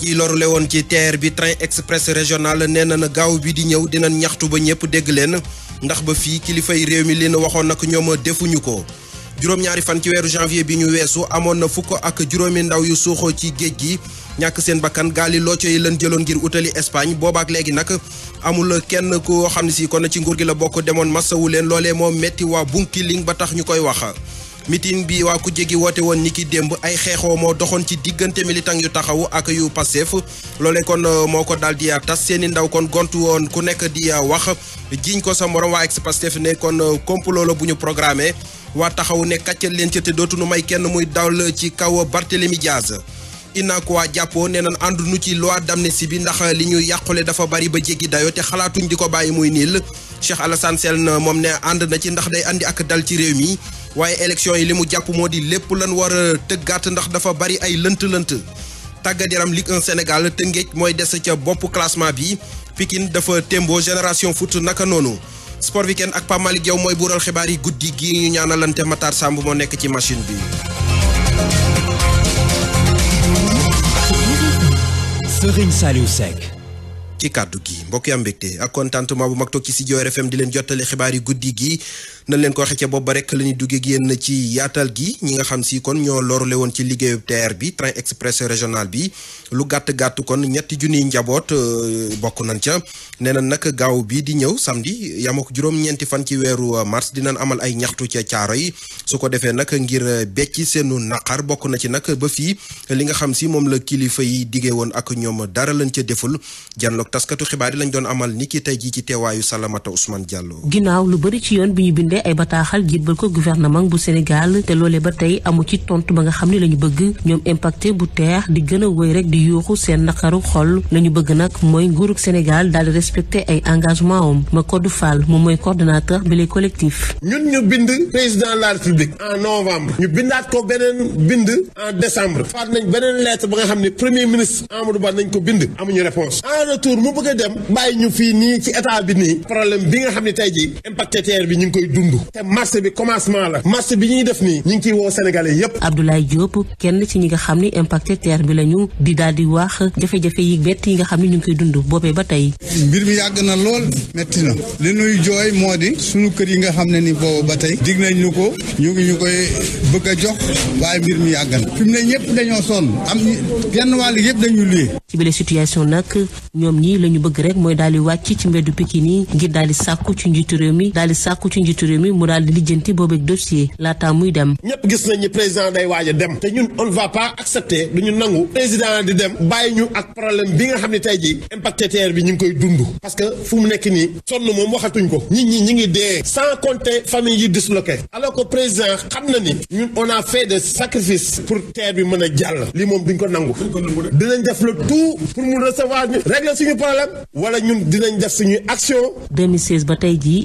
ci lorule woon ci TER bi train express régional nee na na gaaw bi di ñëw dinañ ñaxtu ba ñëpp dégg leen ndax ba fii kilifay réew mi na waxoon nag ñoom defuñu ko. juróom-ñaari fan ci weeru janvier bi ñu weesu amoon na fukk ak juróomi ndaw yu suuxoo ci géej gi ñàkk seen bakkan gaali looco yi lan jëloon ngir utali Espagne boobaak léegi nag amul kenn ku xam ne si kon ci nguur gi la bokk demoon masawu leen loolee moo metti waa Bunkiling ba tax ñu koy wax. mitin bi waa ko jegi woote woon ni ki démb ay xeexoo moo doxoon ci diggante militan yu taxaw ak yu Pastef loole kon euh, moo ko daal di euh, tas seeni ndaw kon gont woon ku nekk di euh, wax jiiñ ko sa morom waa ex Pastef ne kon complot la bu ñu programmé waa taxaw ne kàccal leen ca te dootuñu may kenn muy dawal ci kaw Barthélemy Diaz inaak waa jàppoo nee nañ ànduñu ci loi d'amnistie bi ndax li ñu yàqule dafa bari ba jéggi dayo te xalaatuñ di ko bàyyi muy niil Cheikh Alassane na moom ne ànd na ci ndax day andi ak dal ci réew mi waaye élection yi li mu jàpp moo di lépp lan war a tëggaat ndax dafa bari ay lënt-lënt tàggat yaram Ligue 1 Sénégal Tëngéej mooy des ca bopp classement bi pikin dafa témbo génération foot naka noonu sport weekend ak Pape Malick mooy buural xibaar yi guddi gi ñu ñaanalante Matar Samb moo nekk ci machine bi. Serigne ci kàddu gi mbokk yi am mbégte ak contentement bu mag toog ci studio RFM di leen jottali xibaar yi guddi gii nañ leen ko waxee ca booba rek la ñuy duggee ak yéen ci yaatal gi ñi nga xam si kon ñoo loorule woon ci liggéeyu teer bi train express régional bi lu gàtt gàtt kon ñetti junniy njaboot euh, bokk nañ ca nee na nag gaaw bi di ñëw samedi yamoo ko juróom-ñeenti fan ci weeru euh, mars dinañ amal ay ñaxtu ca caaro yi su ko defee nag ngir euh, becc seenu naqar bokk na ci nag ba fii li nga xam si moom la kilifa yi diggee woon ak ñoom dara lañ ca deful janloog taskatu xibaar yi lañ doon amal ni ki tey jii ci teewaayu Salamata Ousmane Diallo. ginnaaw commandé ay bataaxal jébbal ko gouvernement bu Sénégal te loolee ba tey amu ci tontu ba nga xam ne la ñu bëgg ñoom impacté bu teex di gën a wéy rek di yuuxu seen naqaru xol la bëgg nag mooy nguurug Sénégal daal di respecté ay engagement am Makodou Fall moom mooy coordonnateur bi les collectifs. ñun ñu bind président la République en novembre ñu bindaat ko beneen bind en décembre faat nañ beneen lettre ba nga xam ne premier ministre Ba nañ ko bind amuñu en retour mu bëgg a dem bàyyi bi nii problème bi nga xam ne tey jii impacté dund te marché bi commencement la marché bi ñuy def nii ñu ngi ciy woo yépp Abdoulaye Diop kenn ci ñi nga xam ne impacté terre bi la di daal wax jafe-jafe yi bett ñu ngi koy dund boobee ba tey mbir mi yàgg na lool métti na li nuy jooy moo di sunu kër yi nga xam ne ni boobu ba tey dig nañ ko ñu ngi ñu koy bëgg a jox waaye mbir mi yàgg na fi mu ne ñëpp dañoo sonn am genn wàll yëpp dañu luyee ci bile situation nag ñoom ñi la ñu bëgg rek mooy daal di wàcc ci mbeddu Pikine yi réew mi mu daal di lijjanti boobeeg dossier laataa muy dem. ñëpp gis nañ ni président day waaj dem te ñun on va pas accepter du nangu président di dem bàyyi ñu ak problème bi nga xam ne tey jii ñu ngi koy dund parce que fu mu nekk nii sonn moom waxatuñ ko nit ñi ñi ngi dee sans compter famille yi na ni ñun on a bi mën a jàll lii moom duñ ko nangu dinañ def le tout pour ñu régler suñu problème wala ñun dinañ def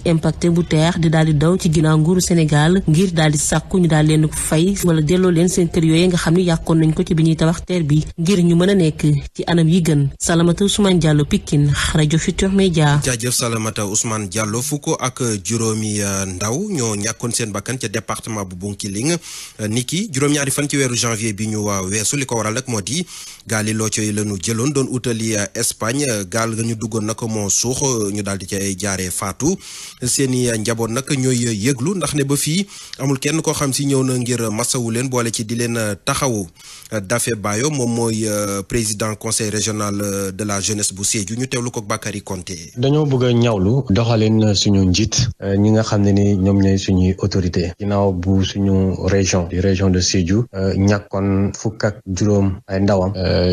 impacté bu terre di daal daw ci ginnaaw nguuru Sénégal ngir daal di sàkku ñu daal leen fay wala delloo leen seen kër yooyu nga xam ne yàqoon nañ ko ci bi ñuy tabax teer bi ngir ñu mën a nekk ci anam yi gën Salamata Ousmane Diallo Pikine rajo Futurs Médias. jaajëf Salamata Ousmane jàlloo fukk ak juróomi euh, ndaw ñoo ñàkkoon seen bakkan ca département bu Bounkiling euh, niki juróom-ñaari fan ci weeru janvier bi ñu euh, weesu li ko waral nag moo di gaali locco yi la jëloon doon utali Espagne gaal nga ñu duggoon nag moo suux ñu daal di ca jaaree faatu seeni njaboot nag ñooy yëglu ndax ne ba fii amul kenn koo xam si ñëw na ngir masawu leen boole ci di leen euh, taxawu euh, Dafe Bayo moom mooy euh, président conseil régional de la jeunesse bu Sédhiou ñu teewlu ko Bakary Konté. dañoo bëgg a ñawlu doxalin suñu njiit ñi nga xam ne ni ñoom ñooy suñuy autorité ginnaaw bu suñu région région de Sédhiou ñàkkoon fukk ak juróom ay ndawam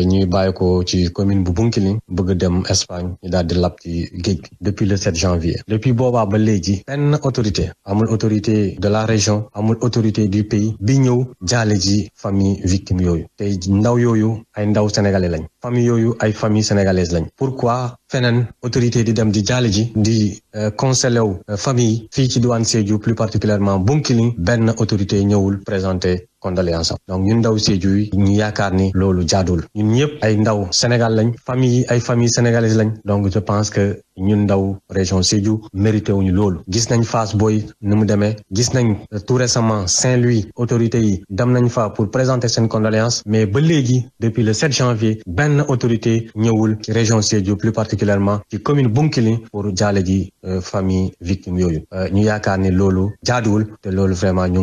ñuy bàyyi ko ci commune bu Bounkiling bëgg dem Espagne ñu daal di lab ci géej depuis le 7 janvier depuis boobaa ba léegi benn autorité amul autorité de la région amul autorité du pays bi ñëw jaale ji famille victime yooyu tey ndaw yooyu ay ndaw sénégalais lañ famille yooyu ay famille sénégalaise lañ pourquoi feneen autorité di dem di jaale ji di euh, conseiller wu euh, famille fii ci diwaan Sédhiou plus particulièrement Bounkiling benn autorité ñëwul présenter condoléance am donc ñun ndaw Sédhiou yi ñu yaakaar ni loolu jaadul ñun ñëpp ay ndaw Sénégal lañ famille ay famille sénégalaise lañ donc je pense que ñun ndaw région Sédhiou mérité wuñu loolu gis nañ Fass booy ni mu demee gis nañ euh, tout récemment Saint-Louis autorité yi dem nañ fa pour présenter seen condoléance mais ba léegi depuis le 7 janvier benn autorité ñëwul ci région Sédhiou plus particulièrement ci commune Bounkiling pour jaale ji euh, famille victime yooyu euh, ñu yaakaar ni loolu jaaduwul loolu vraiment ñu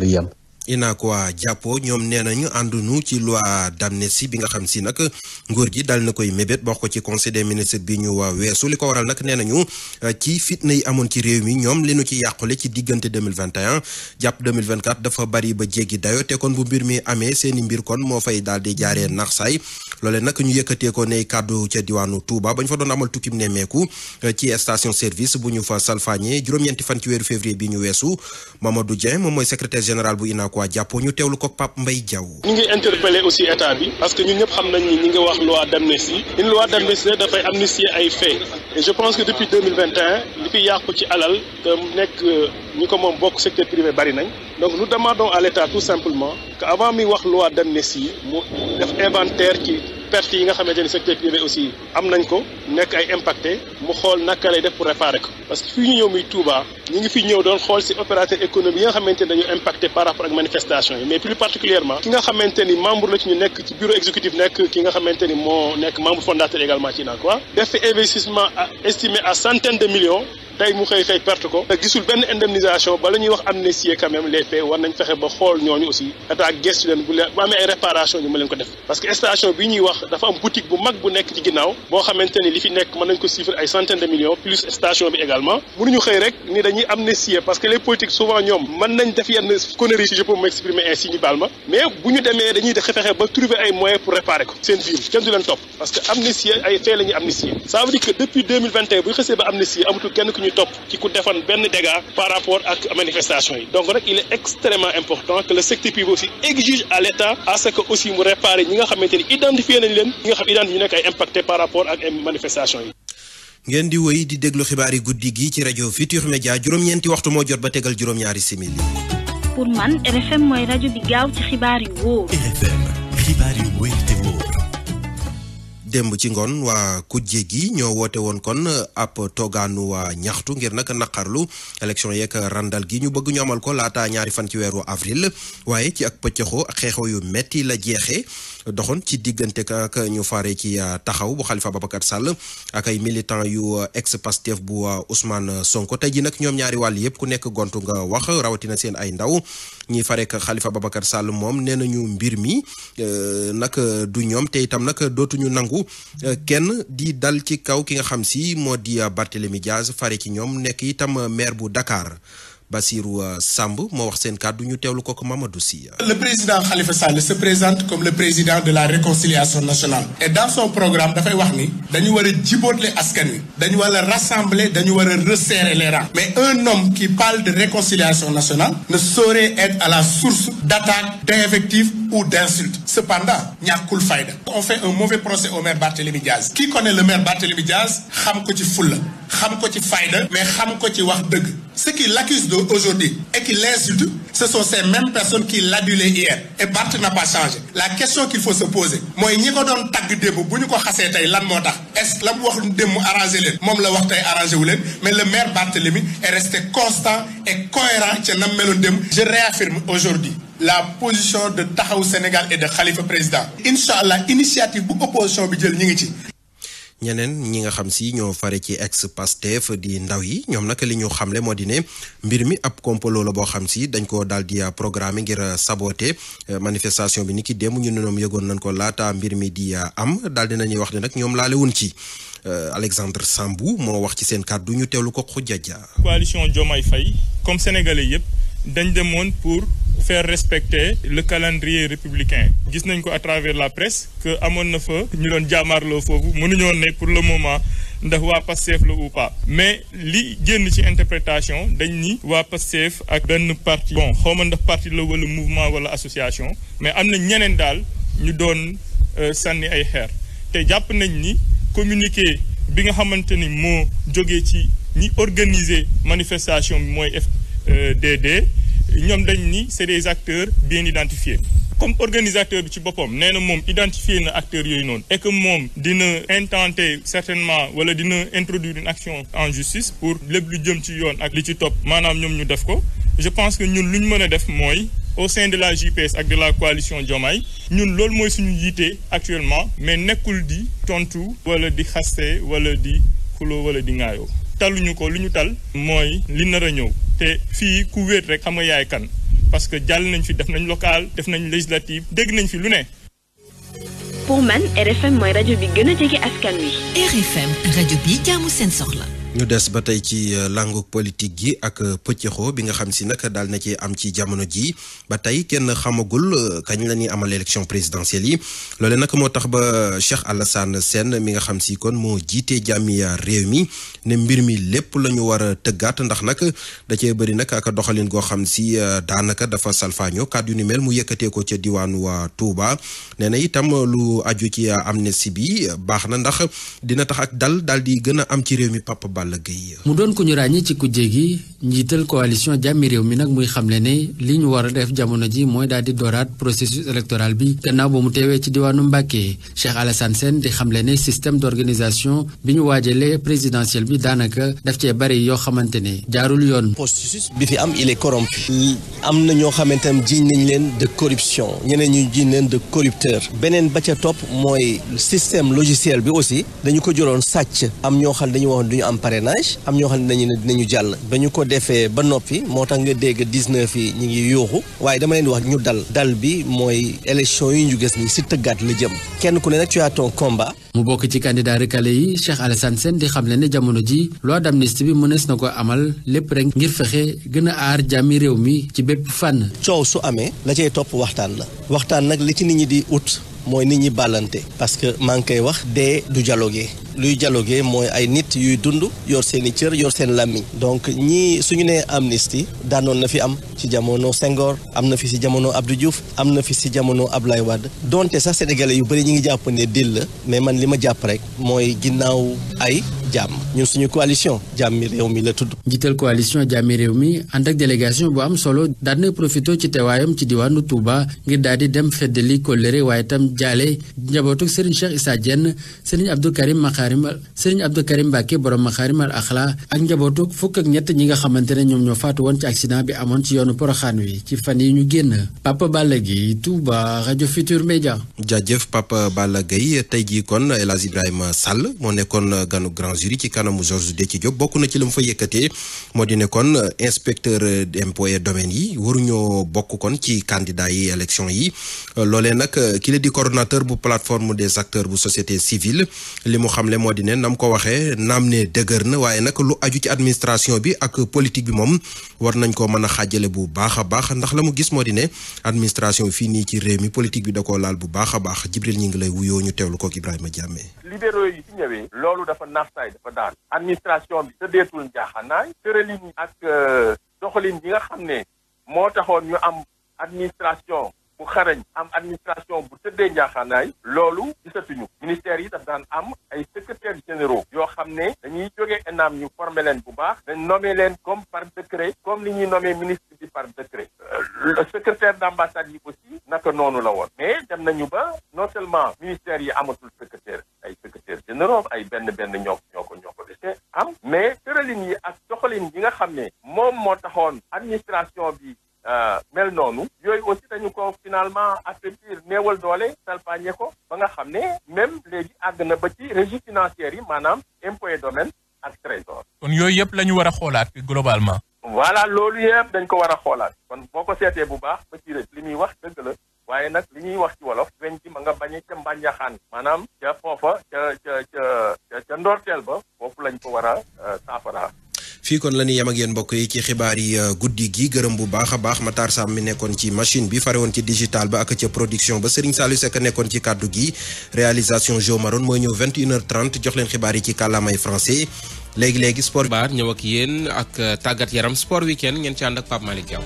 xar yam Inakwa Jàppo ñoom nee nañu àndunu ci loi d'amnistie bi nga xam si nag nguur gi daal na koy mébét bokk ko ci conseil de ministres bi ñu waa weesu li ko waral nag nee nañu euh, ci fitna yi amoon ci réew mi ñoom li nu ci yàqule ci diggante 2021 jàpp 2024 dafa bari ba jéggi dayo te kon bu mbir mi amee seeni mbir kon moo fay daal di jaaree nax saay loole nag ñu yëkkatee ko ne kàddu ca diwaanu Touba ba ñu fa doon amal tukkim nemmeeku euh, ci station service bu ñu fa salfaañee juróom-ñeenti fan ci weeru février bi ñu weesu Mamadou Dieng moom mooy secrétaire waa jàppoo ñu teewlu ko Pape Mbaye Diaw. ñu ngi interpellé aussi état bi parce que ñun ñëpp xam nañ ni ñu ngi wax loi d'amnistie une loi d'amnistie dafay amnistier ay faits je pense que depuis deux mille vingt et li fi yàqu ci alal te nekk euh, ñi ko moom bokk secteur privé bari nañ donc nous demandons à l'état tout simplement que avant muy wax loi d'amnistie mu def inventaire ci. perte yi nga xamante ni secteur privé aussi am nañ ko nekk ay impacté mu xool naka lay def pour réparer ko parce que fii ñu ñëw muy Touba ñu ngi fi ñëw doon xool si opérateur économique yi nga xamante ni dañu impacté par rapport ak manifestation yi mais plus particulièrement ki nga xamante ni membre la ci ñu nekk ci bureau exécutif nekk ki nga xamante ni moo nekk membre fondateur également ci na quoi def fi investissement estimé à centaines de millions tey mu xëy xëy perte ko gisul benn indemnisation bala ñuy wax amnistie quand même les war nañ fexe ba xool ñooñu aussi état gestu leen bu leen bu amee ay réparation ñu mën leen ko def parce que station de millions plus station bi également mënuñu xëy rek ni dañuy amnistier parce que les politiques souvent ñoom mën nañ def yenn conneries si je peux m'exprimer ainsi ñu baal ma mais bu ñu demee dañuy fexe ba trouver ay moyens pour réparer ñuy topp ci ku defoon benn dégât par rapport ak manifestation yi donc nag il est extrêmement important que le secteur privé aussi exige à l'État à ce que aussi mu réparer ñi nga xamante ni identifié nañ leen ñi nga xam identifié ñu nekk ay impacté par rapport ak manifestation yi ngeen di wéy di déglu xibaar yi guddi gi ci rajo Futur Média juróom-ñeenti waxtu moo jot ba tegal juróom-ñaari simili. pour man RFM mooy rajo bi gaaw ci xibaar yu wóor. RFM démb ci ngoon waa kujje gi ñoo woote woon kon uh, ab toogaanu waa ñaxtu ngir nag naqarlu élection yeeg randal gi ñu bëgg ñoomal ko laata ñaari fan ci weeru avril waaye ci ak pëccëxoo ak xeexoo yu metti la jeexee doxoon ci diggante ak ñu fare ci euh, taxaw bu xalifa Babacar Sall ak ay militant yu euh, ex Pastef bu euh, Ousmane Sonko tey ji nag ñoom ñaari wàll yëpp ku nekk gontu nga wax rawatina seen ay ndaw ñi farek xalifa Babacar sàll moom nee nañu mbir mi nag du ñoom te itam nag dootuñu nangu kenn di dal ci kaw ki nga xam si moo di Barthélémy Diaz fare ci ñoom nekk itam maire bu Dakar Bassirou euh, Samb moo wax seen kàddu ñu teewlu ko ko Mamadou Sy. Le président Khalifa Sall se présente comme le président de la réconciliation nationale. Et dans son programme dafay wax ni. dañu war a jibootle askan wi. dañu war a dañu war a resserrer les mais un homme qui parle de réconciliation nationale ne saurait être à la source d'attaques, d'invectives ou d'insultes. Cependant, ñàkkul fayda. On fait un mauvais procès au maire Barthélémy Diaz. Qui connaît le maire Barthélémy Diaz xam ko ci fulla xam ko ci fayda mais xam ko ci wax dëgg. Ceux qui l'accusent d'aujourd'hui et qui l'insultent, ce sont ces mêmes personnes qui l'adulaient hier. Et Barth n'a pas changé. La question qu'il faut se poser mooy ñi ko doon tagg démb bu ñu ko xasee tey lan moo tax est-ce la mu wax démb arrangé leen moom la wax tey arrangé wu leen mais le maire Barthélémy est resté constant et cohérent ca nam meloon démb je réaffirme la position de taxaw Sénégal et de Khalifa président incha allah initiative bu opposition bi jël ñu ngi ci. ñeneen ñi nga xam si ñoo fare ci ex Pastef di ndaw yi ñoom nag li ñu xamle moo di ne mbir mi ab complot la boo xam si dañ ko daal di programme ngir saboter euh, manifestation bi ni ki démb ñu ne ñoom yëgoon nañ ko laata mbir mi di euh, am daal di nañuy wax ne nag ñoom laale wuñ ci euh, Alexandre sambu moo wax ci seen kàddu ñu teewlu ko Khoudia Dia. coalition faire respecter le calendrier républicain gis nañ ko à travers la presse que amoon na fa ñu doon jaamaarloo foofu mënuñoon ne pour le moment ndax waa Pastef la ou mais li génn ci interprétation dañ ni waa Pastef ak benn parti bon xawma ndax parti la wala mouvement wala association mais am na ñeneen daal ñu doon euh, sànni ay xeer te jàpp nañ ni communiqué bi nga xamante ni moo joge ci ñi organiser manifestation bi mooy FDD euh, ñoom dañ ni c'est des acteurs bien identifiés comme organisateur bi ci boppam nee na moom identifier na acteurs yooyu noonu et que moom dina intenter certainement wala dina introduire une action en justice pour lépp lu jëm ci yoon ak li ci topp maanaam ñoom ñu def ko je pense que ñun lu ñu mën a def mooy au sein de la gps ak de la coalition Diomaye ñun loolu mooy suñu yiite actuellement mais nekkul di tontu wala di xaste wala di xuloo wala di ŋaayoo taluñu ko lu ñu tal mooy li nar a ñëw te fii ku wéet rek xam nga yaay kan parce que jàll nañ fi def nañ local def nañ législative dégg nañ fi lu ne. pour man RFM mooy rajo bi gën a jege askan wi. RFM rajo bi jaamu seen soxla. ñu des ba tey ci euh, langue politique gi ak euh, pëccëxoo bi nga xam si nag daal na ci am ci jamono jii ba tey kenn xamagul euh, kañ la ñuy amal élection présidentielle yi loole nag moo tax ba Cheikh Alassane Sène mi nga xam si kon moo jiite jàmmiya réew mi ne mbir mi lépp la ñu war a tëggaat ndax nag da cee bëri nag ak doxalin goo xam si daanaka dafa salfaañoo kàddu yu ni mel mu yëkkatee ko ca diwaanu waa Touba nee na itam lu aju ci amnistie bi baax na ndax dina tax dal daal di gën a am ci réew mi Papa Balla Gueye. mu doon ko ñu ràññee ci kujje gi njiital coalition jàmmi réew mi nag muy xamle ne li ñu war a def jamono ji mooy daal di dooraat processus électoral bi gannaaw ba mu teewee ci diwaanu Mbàkke Cheikh Alassane Sène di xamle ne système d'organisation bi ñu waajalee présidentiel bi daanaka daf cee bari yoo xamante ne jaarul yoon. processus bi fi am il est corrompu. am na ñoo xamante ne jiñ nañ leen de corruption ñeneen ñu jiñ leen de corrupteur. beneen ba ca topp mooy système logiciel bi aussi parrainage am ñoo xam ne nañu ne dinañu jàll ba ñu ko defee ba noppi moo tax nga dégg 19 yi ñu ngi yuuxu waaye dama leen wax ñu dal dal bi mooy élection yu ñu gis ni si tëggaat la jëm kenn ku ne nag tu as ton mu bokk ci candidat recalé yi Cheikh Alassane Sène di xam ne ne jamono ji loi d'amnistie bi mënees na ko amal lépp rek ngir fexe gën a aar jàmmi réew mi ci bépp fànn. coow su amee la cay topp waxtaan la waxtaan nag li ci nit ñi di ut mooy nit ñi bàllante parce que maa ngi koy wax dee du dialoguer luy dialogué mooy ay nit yuy dund yor seen i cër yor seen làmmiñ donc ñii suñu nee amnistie daanoon na fi am ci jamono sengoor am na fi si jamono Abdou Diouf am na fi si jamono Abdoulaye Wade donte sax sénégalais yu bëri ñi ngi jàpp ne dil la mais man li ma jàpp rek mooy ginnaaw ay jàmm ñu suñu coalition jàmmi réew mi la tudd. njiital coalition jàmmi réew mi ànd ak délégation bu am solo daan na profité ci teewaayam ci diwaanu Touba ngir daal di dem feddali kóllëre waaye itam jaale njabootu Serigne Cheikh Issa Diène Serigne Abdou Karim Makh maxaarimal sëriñ Abdou Karim Mbacke borom maxaarimal axlaa ak njabootu fukk ak ñett ñi nga xamante ne ñoom ñoo faatu woon ci accident bi amoon ci yoonu poroxaan wi ci fan yi ñu génn Papa Balla Gueye Touba rajo Futur Média. jaajëf Papa Balla Gueye tey jii kon El Hadj Ibrahima Sall moo nekkoon ganu grand jury ci kanamu de ci Diop bokk na ci la mu fa yëkkatee moo di ne kon inspecteur d'impôts et yi waruñoo bokk kon ci candidat yi élection yi loolee nag ki la di des acteurs bu société civile xamle moo di ne nam ko waxee naam ne dëgër na waaye nag lu aju ci administration bi ak politique bi moom war nañ ko mën a xaajale bu baax a baax ndax la mu gis moo di ne administration bi fii nii ci réew mi politique bi da koo laal bu baax a baax Jibril ñi ngi lay wuyoo ñu teewlu kook Ibrahima Diamé. libéraux yi ci ñëwee. loolu dafa naxsaay dafa daan. administration bi tëddeetul njaaxanaay. tëralin ak euh, doxalin yi nga xam ne moo taxoon ñu am administration. bu xarañ am administration bu tëddee njaaxaanaay loolu gisatuñu ministères yi daf daan am ay secrétaires généraux yoo xam ne dañuy joge ENAM ñu former leen bu baax dañ nommer leen comme par décret comme li ñuy nommer ministre bi par décret euh, le secrétaire d'ambassade yi aussi naka noonu la woon mais dem nañu ba non seulement ministères yi amatul secrétaire ay secrétaires généraux ay benn benn ñoo ñoo ko ñoo ko dese am mais tëralin yi ak doxalin yi nga xam ne moom moo taxoon administration bi Euh, mel noonu yooyu aussi dañu ko finalement affaiblir néewal doole salpaañe ko ba nga xam ne même léegi àgg na ba ci régie financière yi maanaam impôt et domaine ak trésor kon yooyu yëpp la ñu war a xoolaat globalement wala loolu yëpp dañ ko war a xoolaat kon boo ko seetee bu baax ba ci li muy wax dëgg la waaye nag li ñuy wax ci wolof weñ ci ma nga bañe ca mbànjaxaan maanaam ca foofa ca ca ca ndoorteel ba foofu lañ ko war a euh, saafara fii kon la ñuy yem ak mbokk yi ci xibaar yi euh, guddi gi gërëm bu baax a baax Matar Sam mi nekkoon ci machine bi fare woon ci digital ba ak ca production ba Serigne Saliou sekk nekkoon ci kàddu gi réalisation Jo Maron mooy ñëw 21h30 jox leen xibaar yi ci kàllaamay français léegi léegi sport. xibaar ñëw ak yéen ak euh, tàggat yaram sport weekend ngeen ci ànd ak Pape Malick Diaw.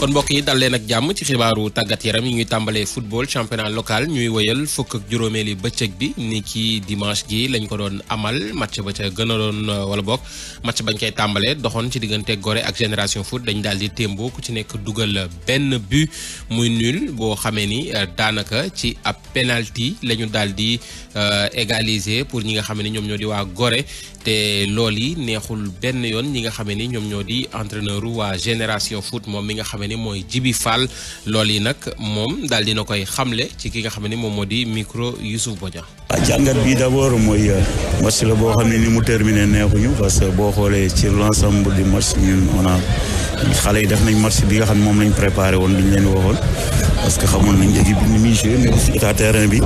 kon mbokk yi dal nag jàmm ci xibaaru tàggat yaram yi ñuy tàmbalee football championnat local ñuy woyal fukk ak juróomeeli bëccëg bi ni ki dimanche gi lañ ko doon amal match ba ca gën a doon euh, wala bokk match bañ koy tàmbalee doxoon ci diggante gore ak Génération Foot dañ daal di témboo ku ci nekk dugal benn bu muy nul boo xamee ni euh, daanaka ci ab penalty lañu ñu daal di euh, égaliser pour ñi nga xam ne ñoom ñoo di waa gore te lool yi neexul benn yoon ñi nga xam ne ñoom ñoo di entraîneur waa Génération xamee ni mooy Jibi Fall loolu yi nag moom daal dina koy xamle ci ki nga xam ne moom moo di micro Youssouf Bodia. ah jàngat bi d'abord mooy euh, match la boo xam ne ni mu terminé neexuñu parce que boo xoolee ci l'ensemble du yi def nañ match bi nga xam ne moom lañ préparé woon duñ leen waxoon parce que xamoon nañ équipe bi ni muy joué mais aussi état terrain bi.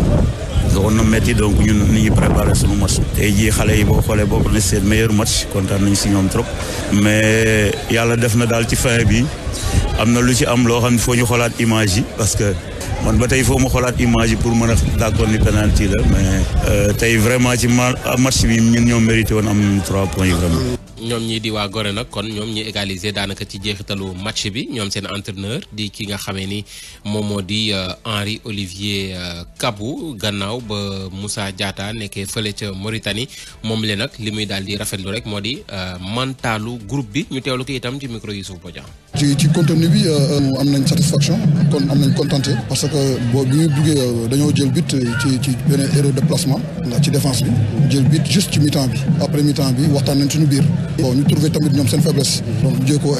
doxoon na métti donc ñun ni ñu préparé suñu match tey jii xale yi boo xoolee bokk na seen meilleur match kontaan nañ si ñoom trop mais yàlla def na daal ci fin bi am na lu ci am loo xam ne foo ñu xoolaat image yi parce que man ba tey foo ma xolaat image yi pour mën a d'accord ni penalty la mais euh, tey vraiment ci match bi ñun ñoo mérité woon am trois points yi vraiment. ñoom ñii di waa Gorée nag kon ñoom ñi égaliser daanaka ci jeexitalu match bi ñoom seen entraîneur di ki nga xamee ni moom moo di euh, Henri Olivier euh, Kabou gannaaw ba Moussa Diatta nekkee fële ca Mauritanie moom le nag li muy daal di rafetlu rek moo di euh, mentalu groupe bi ñu teewlu ko itam ci micro Youssouf Bodian. ci ci contenu bi am nañ satisfaction kon am nañ contenté parce que boo bi ñu duggee dañoo jël but ci ci benn erreur de placement ci défense bi jël but ci mi bi après mi bi waxtaan nañ suñu biir. bon ñu trouvé tamit ñoom seen faiblesse. donc ñu jéem koo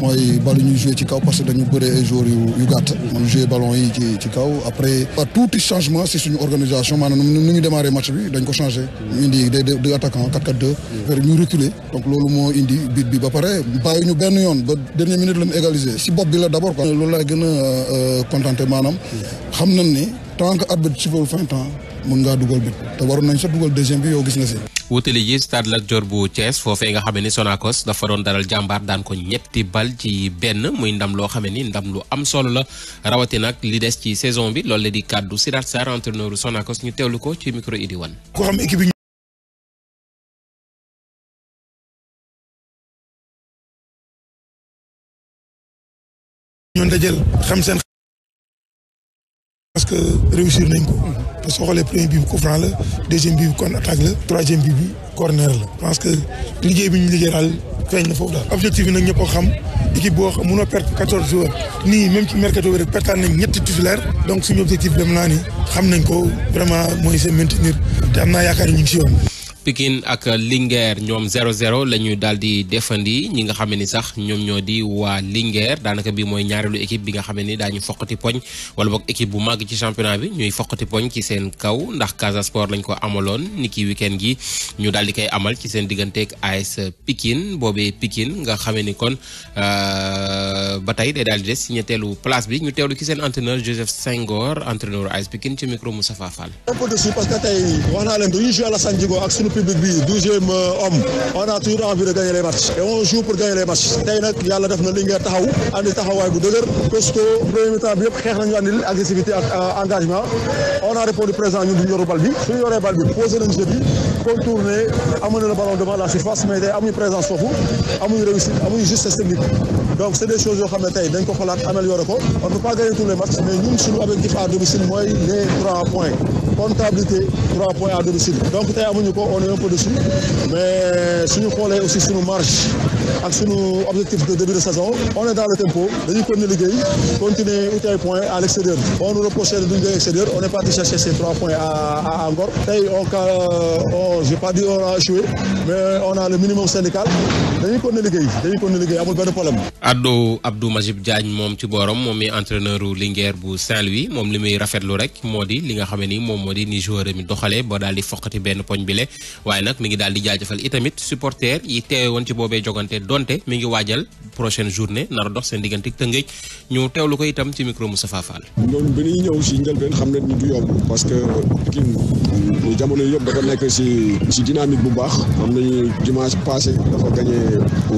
mooy bal ñuy joué ci kaw parce que dañu bëree ay joueurs yu yu gàtt. man joué ballon yi ci ci changement si suñu organisation maanaam nu ñu démarré match bi dañ ko changé. ñu indi des deux attaquants 4-4-2. après ñu reculé donc loolu moo indi bit bi ba pare bàyyi ñu benn yoon ba dernière minute la mu égalisé si bopp bi la d' abord quoi. loolu laay gën a euh, contenté maanaam. xam na ni tant que arbitre siffle fin temps. mën ngaa dugal bit te waroon nañ sa dugal deuxième bi yow gis nga si. wutali ji stade Lat Dior bu Thiès foofee nga xamee ni Sonacos dafa doon daral jàmbaar daan ko ñetti bal ci benn muy ndam loo xamee ni ndam lu am solo la rawati nag li des ci saison bi loolu la di kàddu Sidaat Sarr entraîneur Sonacos ñu teewlu ko ci micro Idi Wan. ko xam équipe yi ñoom dajal xam seen parce que réussir nañ ko te soo xoolee premier bi coup franc la deuxième bi kon attaque la troisième bi bi corner parce que liggéey bi ñu liggéey daal feeñ na foofu daal objectif bi nag ñëpp xam équipe boo xam mënoo perte quatorze joueurs nii même ci mercato bi rek pertaan nañ ñetti titulaire donc suñu objectif dem naa ni xam nañ ko vraiment mooy seen maintenir te am naa yaakaar ñu ngi si yoon Pikine ak Linguère ñoom 0-0 la ñu daal di defandi ñi nga xam ne ni sax ñoom ñoo di waa Linguère daanaka bi mooy ñaareelu équipe bi nga xam ne ni daañu foqati poñ wala boog équipe bu màgg ci championnat bi ñuy foqati poñ ci seen kaw ndax Casa Sport lañ ko amaloon ni ki week-end gi ñu daal di koy amal ci seen digganteeg AS Pikine boobee Pikine nga xam ni kon euh, ba tey day daal di des si ñetteelu place bi ñu teewlu ci seen entraîneur Joseph Senghor entraîneur AS Pikine ci micro public bi douzième euh, homme on a toujours envie de gagner les matchs et on joue pour gagner les matchs tey nag yàlla def na li nga taxaw andi taxawaay bu dëgër costaud premier mi-temps bi yëpp xeex nañu andil agressivité ak euh, engagement on a répondu présent ñun duñu yoru bal bi suñu yoree bal bi posé nañu jeu bi contourné amoon na le ballon devant la surface mais tey amuñu présence foofu amuñu réussite amuñu justesse technique donc c' est des choses yoo xam ne tey dañ ko xalaat amélioré ko on ne peut pas gagner tous les matchs mais ñun suñu objectif à domicile mooy les trois points comptabilité trois points à domicile donc tey amuñu ko on est un peu dessus su suñu xoolee aussi suñu marge ak suñu objectif de début de saison on est dans le tempo dañuy continuer liggéey continuer uti ay points à l'extérieur on nous reprochait de duñ on est parti chercher ces trois points à à tey euh, on a échoué a le minimum syndical dañuy continuer liggéey dañuy continuer liggéey amul benn problème. Addo Abdou Majib Diagne moom ci booram moom mi entraîneur Linguère bu saint moom moo di ni joueur mi doxalee ba daal di foqati benn poñ bile waaye nag mi ngi daal di jaajëfal itamit supporter yi teewe woon ci boobee jogante donte mi ngi waajal prochaine journée nar dox seen diggante Tëngéej ñu teewlu ko itam ci micro Moustapha Fall. ñoom bi ñuy ñëw si njëlbeen xam ne ni du yomb parce que jamono yëpp dafa nekk ci si dynamique bu baax am nañu dimanche passé dafa gagné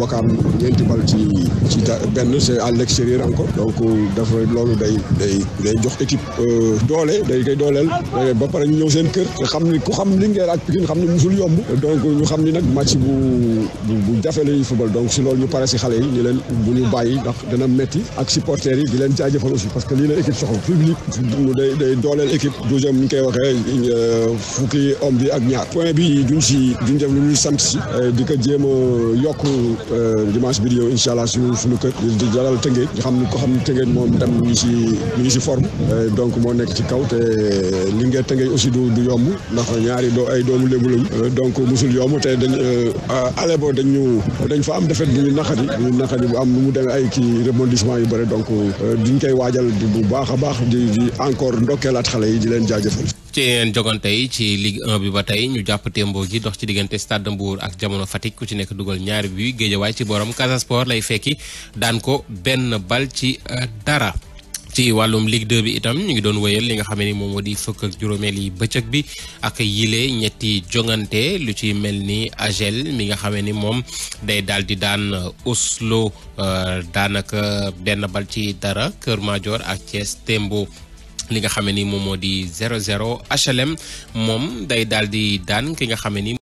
wakaam ñeenti bal ci ci benn c'est à l'extérieur ko donc dafa loolu day day day jox équipe euh, doole day dooleel euh, ba pare ñu ñëw seen kër xam ni ku xam Linguère ak Pikine xam ne musul yomb donc ñu xam ni nag match bu bu jafe la ñuy si loolu ñu pare si xale yi ñu leen bu ñu bàyyi ndax dana metti ak supporters yi di leen jaajëfal aussi parce que lii la équipe soxla public day day dooleel équipe douzième ñu koy waxee euh, fukki om bi ak ñaar point bi duñ si duñ def lu ñuy sant si euh, di ko jéem a yokk euh, dimanche bi di ñëw incha allah suñu suñu kër di dalal tëngeej ñu xam ko xam ne tëngeej moom dem ñu si ñu ngi si forme euh, donc moo nekk ci kaw te li ngeen tëngeej aussi du du yomb ndax ñaari doo ay doomu lébu lañu donc musul yomb te dañ ale bo dañ ñu dañ fa am defet bu ñu naqari bu ñu naqari bu am nu mu demee ay kii rebondissement yu bëri donc duñ koy waajal bu baax a baax di di encore ndokkeelaat xale yi di leen jaajëfal ci yeneen jogante yi ci Ligue 1 bi ba tey ñu jàpp témboo gi dox ci diggante Stade Mbour ak Jamono Fatick ku ci nekk dugal ñaari bi Géejawaay ci borom Casa lay fekki daan ko benn bal ci euh, dara. ci wàllum Ligue 2 bi itam ñu ngi doon wéyal li nga xam ne moom moo di fukk ak yi bëccëg bi ak yile ñetti jongante lu ci mel ni Agel mi nga xam ne moom day daal di daan Oslo euh, daanaka benn bal ci dara Kër Major ak Thiès Tembo. li nga xamee ni moom moo di 00 HLM moom day daal di daan ki nga xame ni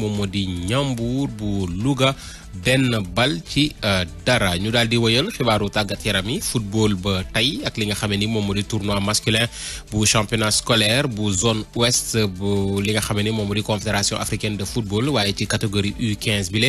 moom moo di ñambuur bu Louga. benn bal ci euh, dara ñu daal di wëyal xibaaru tàggat yaram yi football ba tey ak li nga xamee ni moom moo di tournoi masculin bu championnat scolaire bu zone ouest bu li nga xamee ni moom moo di confédération africaine de football waaye ci catégorie u bile bi le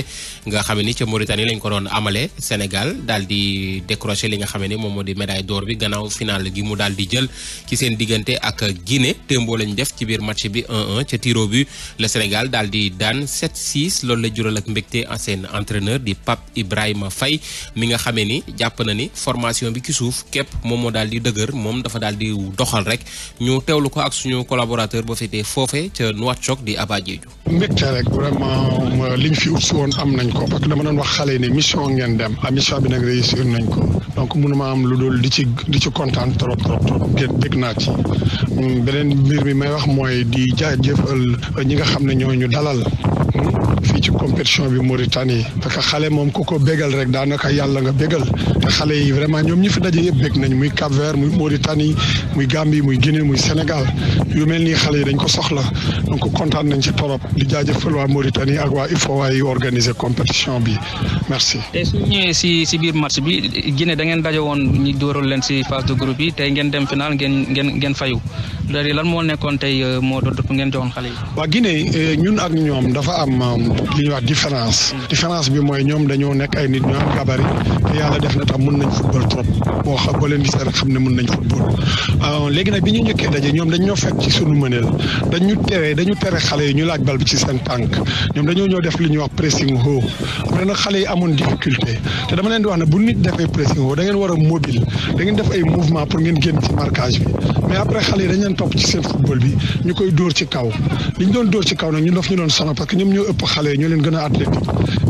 nga xamee ni ca Mauritanie lañ ko doon amale Sénégal daal di décrocher li nga xamee ni moom moo di médaille door bi gannaaw final gi mu daal di jël ci seen diggante ak Guinée témboo lañ def ci biir match bi 1-1 ca tiro bi daal di daan 7-6 loolu la jural ak mbégte en seen entraîneur di Pape Ibrahima Faye mi nga xamee ni jàpp na ni formation bi ci suuf képp moom moo daal di dëggër moom dafa daal di doxal rek ñu teewlu ko ak suñu collaborateur ba féetee foofe ca Nouakchott di Aba Diédhiou. mbégte rek vraiment euh, liñ fi ut si woon am nañ ko parce que dama doon wax xale yi ne mission ngeen dem ah mission bi nag réussir nañ ko donc mun mënuma am lu dul di ci di ci kontaan trop trop trop dégg naa ci hmm, beneen mbir mi may wax mooy di jaajëfal euh, ñi nga xam ne ñoo ñu dalal. fii ci compétition bi Mauritanie parce que xale moom ku ko bégal rek daanaka yàlla nga bégal te xale yi vraiment ñoom ñi fi daje yëpp bég nañ muy Cap Vert muy Mauritanie muy Gambie muy Guinée muy Sénégal yu mel nii xale yi dañ ko soxla donc kontaan nañ ci torop di jaajëfal waa Mauritanie ak waa UFOA yi organiser compétition bi merci. tey su ñëwee si si biir match bi Guinée da ngeen daje woon ñi dóoral leen si phase de groupe yi tey ngeen dem final ngeen ngeen ngeen fayu léegi lan moo nekkoon tey euh, moo doon ngeen joxoon xale yi. li ñuy wax différence différence bi mooy ñoom dañoo nekk ay nit ñu am gabarit te yàlla def na tam mun nañ football trop boo xam ne mun nañ football euh, léegi nag bi ñu njëkkee daje ñoom dañ fekk ci sunu mëneel dañ tere dañu tere xale yi ñu laaj bal bi ci seen tànk ñoom dañoo ñoo def li ñuy wax pressing haut après nag a mobile da ngeen def ay mouvement pour ngeen génn ci marquage bi mais après xale yi dañ leen topp ci seen football bi ñu koy dóor ci kaw xale yi ñoo leen gën a athlétique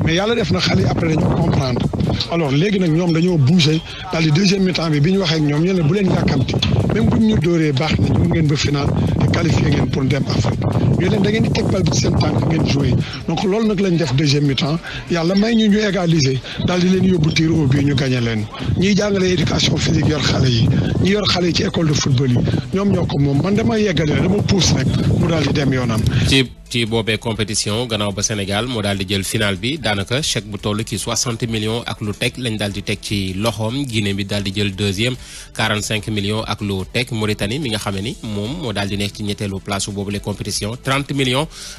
mais yàlla def na xale yi après dañoo comprendre alors léegi nag ñoom dañoo bougé daal di deuxième mi-temps bi bi ñu waxee ñoom ñu ne bu leen yàkkamti même bu ñu dóoree baax na ñu ngeen ba ngeen pour dem Afrique ñu leen da ngeen di teg bi seen tànk ngeen joué donc loolu nag lañ def deuxième mi-temps yàlla may ñu ñu égaliser daal leen yóbbu tir au but ñu gagné leen ñiy jàngale éducation physique yor xale yi ñi yor xale yi ci école de football yi ñoom ñoo ko moom man dama yeggali dama pousse rek mu daal di dem yoonam. ci boobee compétition gannaaw ba Sénégal moo daal di jël final bi daanaka chèque bu toll ci 60 millions ak lu teg lañ daal di teg ci loxoom Guinée bi daal jël deuxième 45 ak lu teg Mauritanie mi nga xamee ni moom moo daal di ci ñetteelu place boobule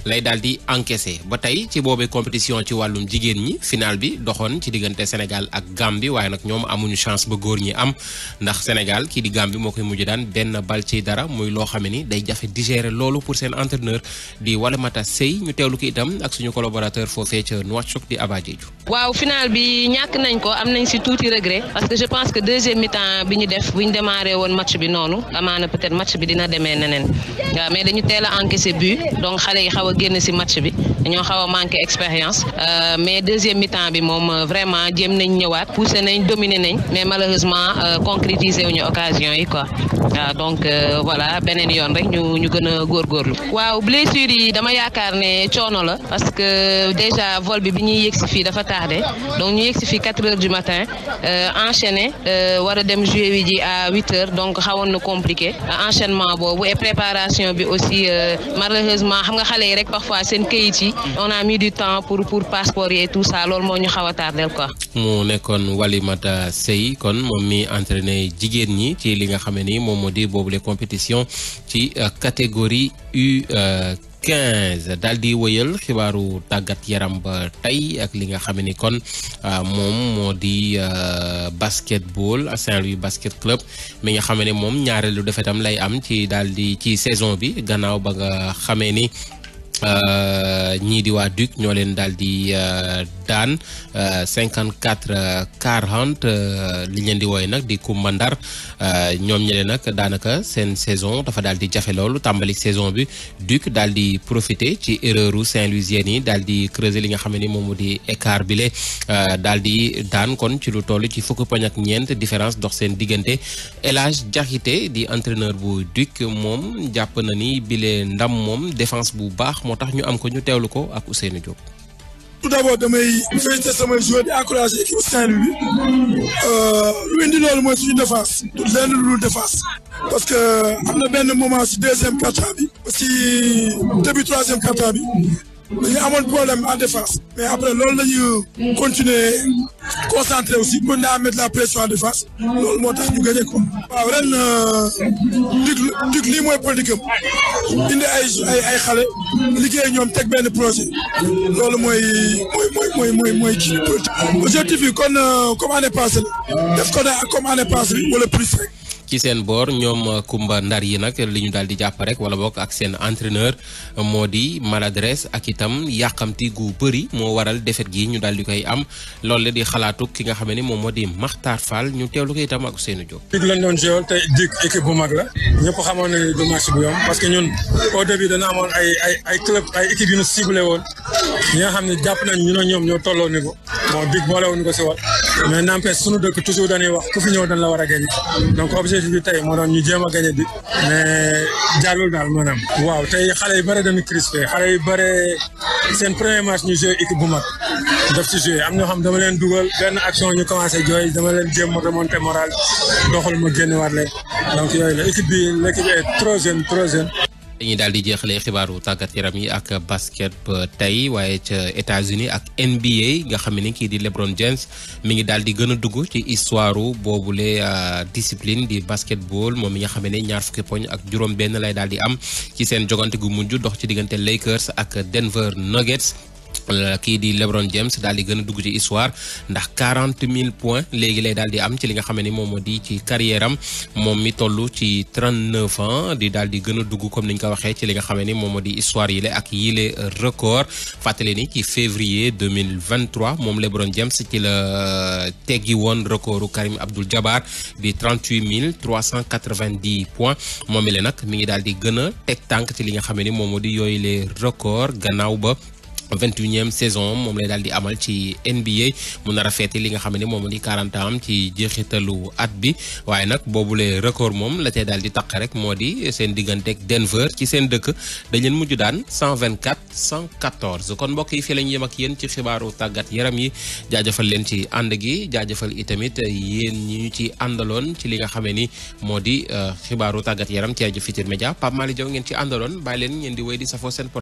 lay daal di ba tey ci boobee compétition ci wàllum jigéen ñi final bi doxoon ci diggante Sénégal ak Gambie waaye nag ñoom amuñu chance ba góor ñi am ndax Sénégal kii di Gambie moo koy mujj daan benn bal ci dara muy loo xamee ni day jafe digérer loolu Ramata Sey ñu teewlu ko itam ak suñu collaborateur foofee ca Nouakchott di Aba Diédhiou waaw final bi ñàkk nañ ko am nañ si tuuti regret parce que je pense que deuxième mi-temps bi ñu def bu ñu démarré woon match bi noonu amaana peut-être match bi dina demee neneen waaw mais dañu teel a encaissé but donc xale yi xaw a génn si match bi dañoo xaw a manqué expérience euh, mais deuxième mi bi moom euh, vraiment jéem nañ ñëwaat poussé nañ dominé nañ mais malheureusement euh, concrétiser wuñu occasion yi quoi donc voilà beneen yoon rek ñu ñu gën a góorgóorlu waaw yaakaar ne coono la parce que déjà vol bi bi ñuy yegg si fii dafa tardé donc ñu yegg si fii quatre heures du matin euh, enchaîné euh, war a dem jouer wi ji à huit heures donc xawoon na compliqué enchaînement boobu et préparation bi aussi euh, malheureusement xam nga xale yi rek parfois seen këyit yi on a mis du temps pour pour passeport yi et tout ça loolu moo ñu xaw a tardel quoi. mu nekkoon Walimata Sey kon moom mi entraîné jigéen ñi ci li nga xam ne ni moom moo di boobu le compétitions ci catégorie 15 daal di wëyal xibaaru tàggat yaram ba tey ak li nga xame ni kon euh, moom moo di euh, basketball Saint-Louis basket club mi nga xam ne moom ñaareelu defetam lay am ci daal di ci saison bi gannaaw ba nga xamee ni. Euh, ñii di waa DUC ñoo leen daal di euh, daan euh, quarante 40 li leen di wooye nag di Kumba Ndar ñoom ñi leen nag daanaka seen saison dafa daal di jafe loolu tàmbali saison bi DUC daal di profité ci erreur Saint-Louisienne yi daal di creuser li nga xam ni moom di écart bile daal di daan kon ci lu toll ci fukki poñ ak ñeent différence dox seen diggante El Hadj di entraîneur bu DUC moom jàpp na ni bile ndam moom défense bu baax. tax ñu am ko ñu teelu ko ak Ousseynou Diop. tout d'abord damay félicité samay joueurs di encouragé équipe Saint-Louis euh, lu indi loolu mooy si défense lenn lu défense parce que am na benn moment si deuxième quart-temps bi si début troisième quart-temps bi ñu amoon problème en défense mais après loolu la ñu continuer concentré aussi mën naa mettre la pression en défense loolu moo tax ñu gagné ko. waaw ren Duc euh, Duc lii mooy politique am indi ay ay ay xale liggéey ñoom teg benn projet loolu mooy mooy mooy mooy mooy kii politique. objectif yi kon euh, comme année passée def ko comme année passée wala plus rek. ci seen boor ñoom Kumba Ndar yi nag li ñu daal di jàpp rek wala bokk ak seen entraîneur moo di maladresse ak itam yàqamti gu bëri moo waral defet gi ñu daal di koy am loolu di xalaatu ki nga xam ni moom moo di Makhtar Fall ñu teewlu ko itam ak Ousseynou Diop. dig lañ doon jéewal tey dig équipe bu mag la ñëpp xamoon ne du match bu yomb parce que ñun au début dana amoon ay ay ay club ay équipe yu ñu ciblé woon ñi nga xam ne jàpp nañ ñu ne ñoom ñoo tolloo niveau ko mais n'empêche sunu dëkk toujours dañuy wax ku fi ñëw dañ la war a gagné donc objectif bi tey moo doon ñu jéem a gagné bi mais daal maanaam. waaw te xale yu bëre dañu crispé xale yu bëre seen premier match ñu joué équipe bu mag daf ci am ñoo xam dama leen dugal benn action ñu commencé jooy dama leen jéem a remonté moral doxal ma génn waat leen donc yooyu la équipe bi l'équipe est trop jeune trop dañuy daal di jeexalee xibaaru tàggat yaram yi ak basket tey waaye ca États-Unis ak NBA nga xam ne kii di LeBron James mi ngi daal di gën a dugg ci histoire boobule euh, discipline di basketball moom mi nga xam ne ñaar fukki poñ ak juróom-benn lay daal di am ci seen jogante gu mujj dox ci diggante Lakers ak Denver Nuggets. kii di LeBron James daal di gën a dugg ci histoire ndax quarante mille points léegi lay daal di am ci li nga xam ne moom moo di ci carrière am moom mi toll ci trente neuf ans di daal di gën a dugg comme ni ñu ko waxee ci li nga xam ne moom moo di histoire yi la ak yii les record fàttali ni ci février deux mille vingt trois moom LeBron James ci la euh, teggi woon recordu Karim Abdul Jabbar di trente huit mille trois cent quatre vingt points moom mi la nag mi ngi daal di gën a teg tànk ci li nga xam ni moom moo di yooyu les record gannaaw ba. 21e saison moom lay daal di amal ci NBA mu a feeti li nga xam ne moom di 40 ans ci jeexitalu at bi waaye nag boobule record moom la tey daal di taq rek moo di seen diggante digganteeg Denver ci seen dëkk dañ leen mujj daan 124 114 kon mbokk yi fii la ñu yem ak yéen ci xibaaru tàggat yaram yi jaajëfal leen ci ànd gi jaajëfal itamit yéen ñi ñu ci àndaloon ci li nga xamee ni moo di euh, xibaaru tàggat yaram ci rajo Futurs Médias Pape